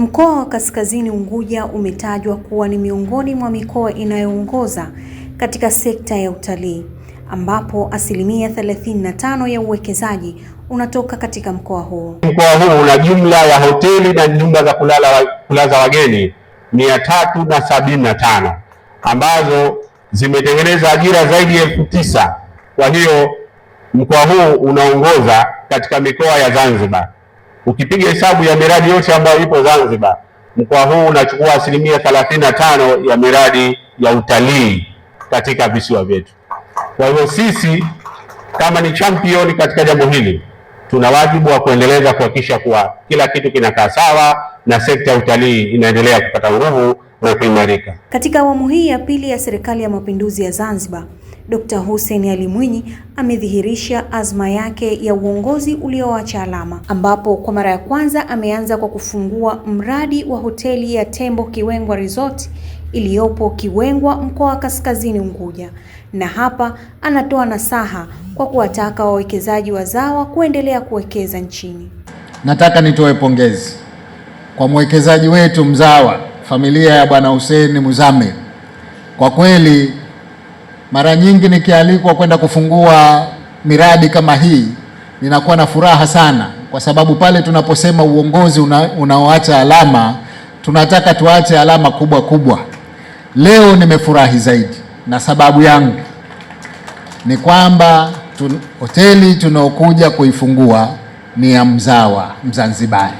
Mkoa wa Kaskazini Unguja umetajwa kuwa ni miongoni mwa mikoa inayoongoza katika sekta ya utalii ambapo asilimia 35 ya uwekezaji unatoka katika mkoa huo. Mkoa huu una jumla ya hoteli na nyumba za kulala kulaza wageni mia tatu na tano ambazo zimetengeneza ajira zaidi ya elfu tisa. Kwa hiyo mkoa huu unaongoza katika mikoa ya Zanzibar. Ukipiga hesabu ya miradi yote ambayo ipo Zanzibar, mkoa huu unachukua asilimia thelathini na tano ya miradi ya utalii katika visiwa vyetu. Kwa hivyo sisi kama ni champion katika jambo hili, tuna wajibu wa kuendeleza kuhakikisha kuwa kila kitu kinakaa sawa na sekta ya utalii inaendelea kupata nguvu na kuimarika. Katika awamu hii ya pili ya Serikali ya Mapinduzi ya Zanzibar Dkt. Hussein Ali Mwinyi amedhihirisha azma yake ya uongozi ulioacha alama, ambapo kwa mara ya kwanza ameanza kwa kufungua mradi wa hoteli ya Tembo Kiwengwa Resort iliyopo Kiwengwa, mkoa wa Kaskazini Unguja, na hapa anatoa nasaha kwa kuwataka wawekezaji wazawa kuendelea kuwekeza nchini. Nataka nitoe pongezi kwa mwekezaji wetu mzawa, familia ya Bwana Hussein Muzammil, kwa kweli mara nyingi nikialikwa kwenda kufungua miradi kama hii ninakuwa na furaha sana, kwa sababu pale tunaposema uongozi unaoacha alama, tunataka tuache alama kubwa kubwa. Leo nimefurahi zaidi, na sababu yangu ni kwamba tun, hoteli tunaokuja kuifungua ni ya mzawa Mzanzibari.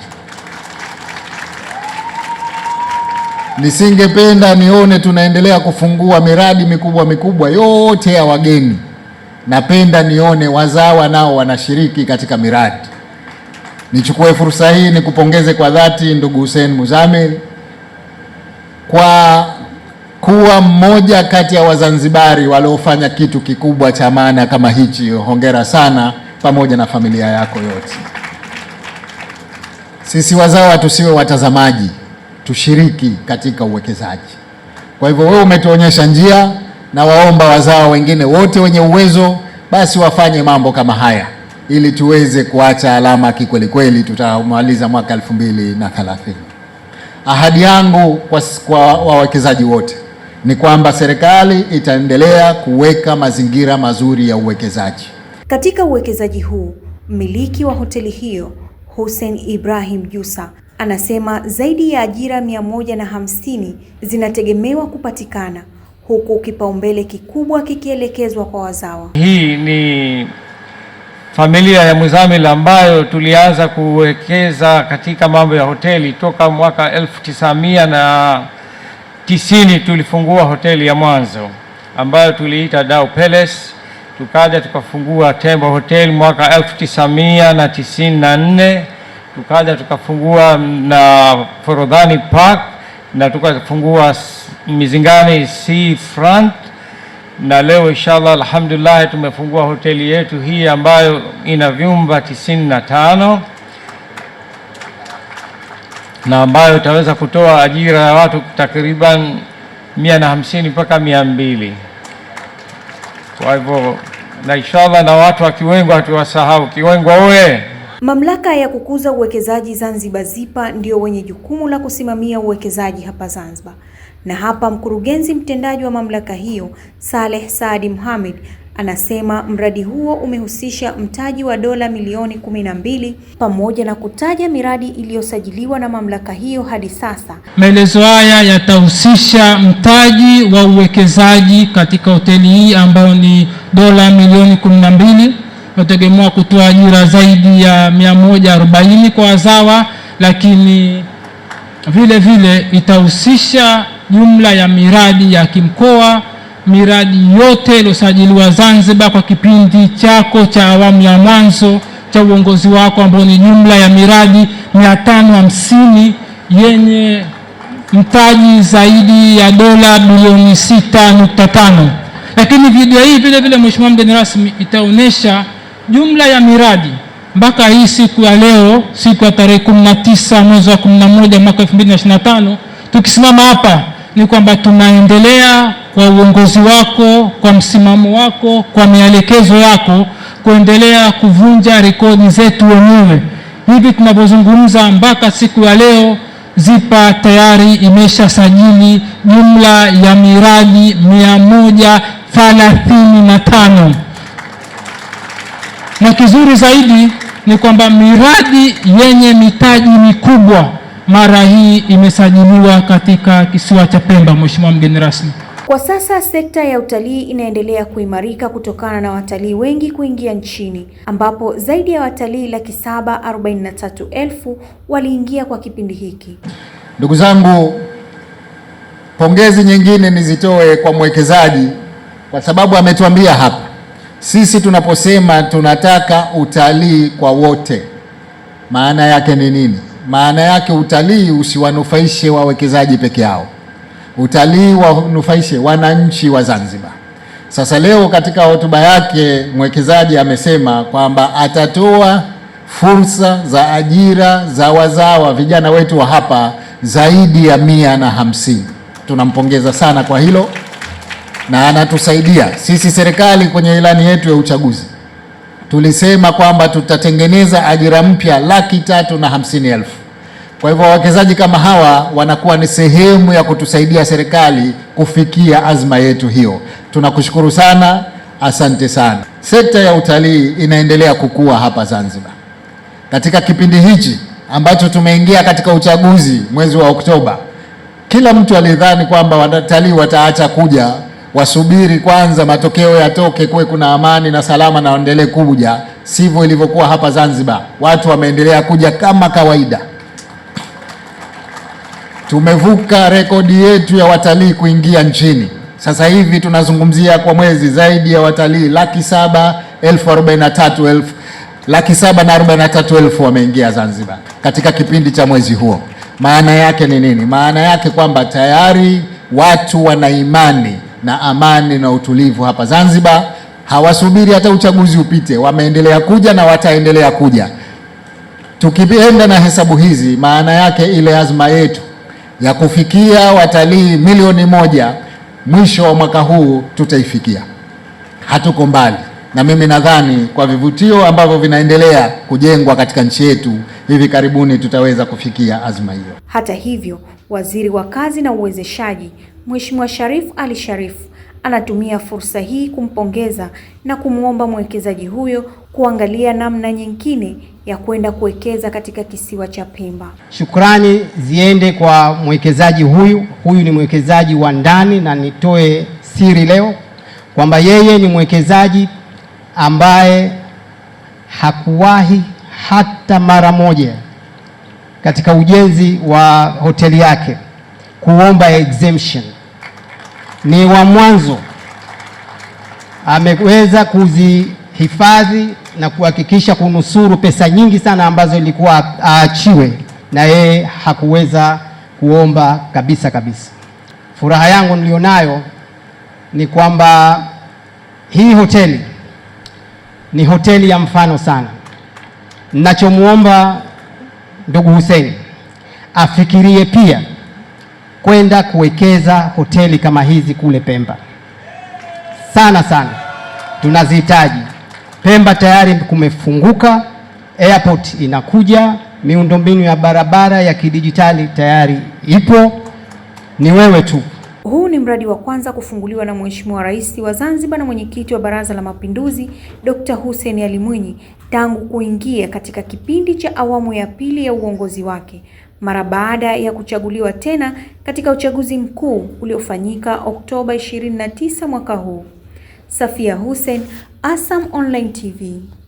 Nisingependa nione tunaendelea kufungua miradi mikubwa mikubwa yote ya wageni. Napenda nione wazawa nao wanashiriki katika miradi. Nichukue fursa hii nikupongeze kwa dhati ndugu Hussein Muzamil kwa kuwa mmoja kati ya Wazanzibari waliofanya kitu kikubwa cha maana kama hichi. Hongera sana, pamoja na familia yako yote. Sisi wazawa tusiwe watazamaji tushiriki katika uwekezaji. Kwa hivyo wewe umetuonyesha njia, na waomba wazao wengine wote wenye uwezo basi wafanye mambo kama haya ili tuweze kuacha alama kikwelikweli. Tutamaliza mwaka elfu mbili na thelathini. Ahadi yangu kwa, kwa wawekezaji wote ni kwamba serikali itaendelea kuweka mazingira mazuri ya uwekezaji. Katika uwekezaji huu, mmiliki wa hoteli hiyo Hussein Ibrahim Jussa Anasema zaidi ya ajira mia moja na hamsini zinategemewa kupatikana huku kipaumbele kikubwa kikielekezwa kwa wazawa. Hii ni familia ya Muzamil ambayo tulianza kuwekeza katika mambo ya hoteli toka mwaka elfu tisa mia na tisini. Tulifungua hoteli ya mwanzo ambayo tuliita Dau Palace, tukaja tukafungua Tembo Hotel mwaka elfu tisa mia na tisini na nne tukaja tukafungua na Forodhani Park na tukafungua Mizingani Sea Front na leo inshallah, alhamdulillah tumefungua hoteli yetu hii ambayo ina vyumba tisini na tano na ambayo itaweza kutoa ajira ya watu takriban mia na hamsini mpaka mia mbili kwa hivyo, na inshallah na watu wa Kiwengwa hatuwasahau. Kiwengwa oye! Mamlaka ya kukuza uwekezaji Zanzibar ZIPA ndio wenye jukumu la kusimamia uwekezaji hapa Zanzibar, na hapa mkurugenzi mtendaji wa mamlaka hiyo Saleh Saadi Mohamed anasema mradi huo umehusisha mtaji wa dola milioni kumi na mbili pamoja na kutaja miradi iliyosajiliwa na mamlaka hiyo hadi sasa. Maelezo haya yatahusisha mtaji wa uwekezaji katika hoteli hii ambayo ni dola milioni kumi na mbili tunategemea kutoa ajira zaidi ya 140 kwa wazawa, lakini vile vile itahusisha jumla ya miradi ya kimkoa, miradi yote iliyosajiliwa Zanzibar kwa kipindi chako cha awamu ya mwanzo cha uongozi wako, ambao ni jumla ya miradi 550 yenye mtaji zaidi ya dola bilioni 6.5. Lakini video hii vile vile, Mheshimiwa mgeni rasmi, itaonyesha jumla ya miradi mpaka hii siku ya leo, siku ya tarehe 19 mwezi wa 11 mwaka 2025, tukisimama hapa ni kwamba tunaendelea kwa uongozi wako, kwa msimamo wako, kwa mielekezo yako kuendelea kuvunja rekodi zetu wenyewe. Hivi tunavyozungumza mpaka siku ya leo, ZIPA tayari imesha sajili jumla ya miradi 135 na kizuri zaidi ni kwamba miradi yenye mitaji mikubwa mara hii imesajiliwa katika kisiwa cha Pemba. Mheshimiwa mgeni rasmi, kwa sasa sekta ya utalii inaendelea kuimarika kutokana na watalii wengi kuingia nchini, ambapo zaidi ya watalii laki saba arobaini na tatu elfu waliingia kwa kipindi hiki. Ndugu zangu, pongezi nyingine nizitoe kwa mwekezaji kwa sababu ametuambia hapa sisi tunaposema tunataka utalii kwa wote, maana yake ni nini? Maana yake utalii usiwanufaishe wawekezaji peke yao, utalii wanufaishe wananchi wa Zanzibar. Sasa leo katika hotuba yake mwekezaji amesema kwamba atatoa fursa za ajira za wazawa vijana wetu wa hapa zaidi ya mia na hamsini. Tunampongeza sana kwa hilo na anatusaidia sisi. Serikali kwenye ilani yetu ya uchaguzi tulisema kwamba tutatengeneza ajira mpya laki tatu na hamsini elfu. Kwa hivyo wawekezaji kama hawa wanakuwa ni sehemu ya kutusaidia serikali kufikia azma yetu hiyo. Tunakushukuru sana, asante sana. Sekta ya utalii inaendelea kukua hapa Zanzibar katika kipindi hichi ambacho tumeingia katika uchaguzi mwezi wa Oktoba. Kila mtu alidhani kwamba watalii wataacha kuja wasubiri kwanza matokeo yatoke, kuwe kuna amani na salama na waendelee kuja. Sivyo ilivyokuwa hapa Zanzibar, watu wameendelea kuja kama kawaida. Tumevuka rekodi yetu ya watalii kuingia nchini. Sasa hivi tunazungumzia kwa mwezi zaidi ya watalii laki saba elfu arobaini na tatu elfu laki saba na arobaini na tatu elfu wameingia Zanzibar katika kipindi cha mwezi huo. Maana yake ni nini? Maana yake kwamba tayari watu wana imani na amani na utulivu hapa Zanzibar. Hawasubiri hata uchaguzi upite, wameendelea kuja na wataendelea kuja. Tukienda na hesabu hizi, maana yake ile azma yetu ya kufikia watalii milioni moja mwisho wa mwaka huu tutaifikia, hatuko mbali. Na mimi nadhani kwa vivutio ambavyo vinaendelea kujengwa katika nchi yetu, hivi karibuni tutaweza kufikia azma hiyo. Hata hivyo Waziri wa Kazi na Uwezeshaji, Mheshimiwa Sharif Ali Sharif anatumia fursa hii kumpongeza na kumwomba mwekezaji huyo kuangalia namna nyingine ya kwenda kuwekeza katika kisiwa cha Pemba. Shukrani ziende kwa mwekezaji huyu. Huyu ni mwekezaji wa ndani, na nitoe siri leo kwamba yeye ni mwekezaji ambaye hakuwahi hata mara moja katika ujenzi wa hoteli yake kuomba exemption. Ni wa mwanzo ameweza kuzihifadhi na kuhakikisha kunusuru pesa nyingi sana ambazo ilikuwa aachiwe na yeye hakuweza kuomba kabisa kabisa. Furaha yangu nilionayo ni kwamba hii hoteli ni hoteli ya mfano sana. Ninachomuomba ndugu Hussein afikirie pia kwenda kuwekeza hoteli kama hizi kule Pemba. Sana sana tunazihitaji. Pemba tayari kumefunguka, airport inakuja, miundombinu ya barabara ya kidijitali tayari ipo. Ni wewe tu huu ni mradi wa kwanza kufunguliwa na Mheshimiwa Rais wa Zanzibar na Mwenyekiti wa Baraza la Mapinduzi, Dr. Hussein Ali Mwinyi tangu kuingia katika kipindi cha awamu ya pili ya uongozi wake mara baada ya kuchaguliwa tena katika uchaguzi mkuu uliofanyika Oktoba 29 mwaka huu. Safia Hussein, ASAM Online TV.